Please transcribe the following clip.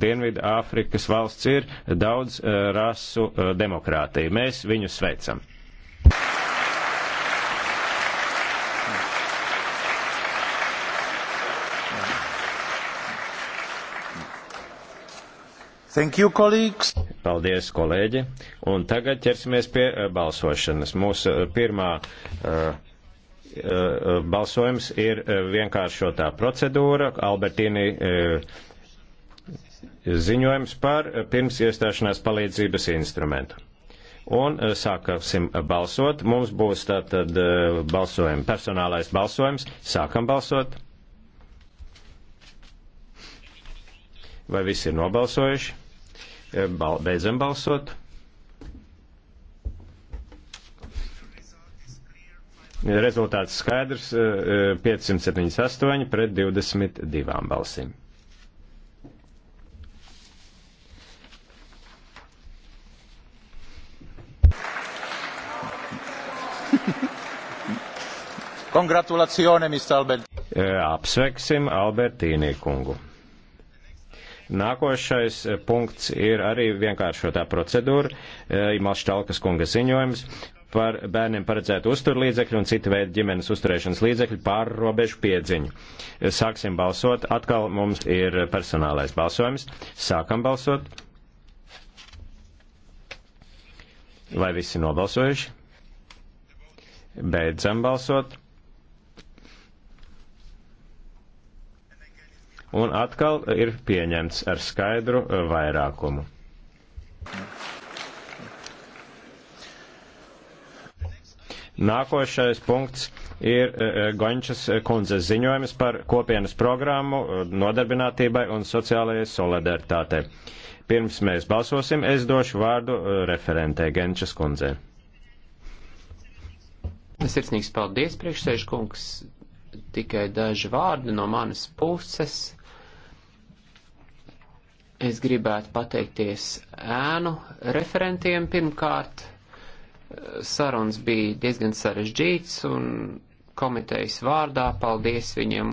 Dienvidu Āfrikas valsts ir daudz eh, rasu eh, demokrātija. Mēs viņus sveicam. Thank you, colleagues. Paldies, kolēģi. Un tagad ķersimies pie eh, balsošanas. Mūsu pirmā uh, balsojums ir vienkāršotā procedūra. Albertīni uh, ziņojums par eh, pirms iestāšanās palīdzības instrumentu. Un eh, sāksim eh, balsot. Mums būs tātad balsojums, personālais balsojums. Sākam balsot. Vai visi ir nobalsojuši? Bal beidzam balsot. Rezultāts skaidrs - 578 pret 22 balsīm. Congratulazione, Mr. Albert. E, apsveiksim Albertīnī kungu. Nākošais e, punkts ir arī vienkāršotā procedūra, e, Malštalkas kunga ziņojums par bērniem paredzētu uzturlīdzekļu un citu veidu ģimenes uzturēšanas līdzekļu pārrobežu piedziņu. Sāksim balsot. Atkal mums ir personālais balsojums. Sākam balsot. Vai visi nobalsojuši? Beidzam balsot. un atkal ir pieņemts ar skaidru eh, vairākumu. Nākošais punkts ir eh, Goņčas kundzes ziņojums par kopienas programmu eh, nodarbinātībai un sociālajai solidaritātei. Pirms mēs balsosim, es došu vārdu referentē Genčas kundzē. Sirsnīgs paldies, priekšsēžkungs. Tikai daži vārdi no manas puses Es gribētu pateikties ēnu referentiem. Pirmkārt, sarunas bija diezgan sarežģīts un komitejas vārdā paldies viņiem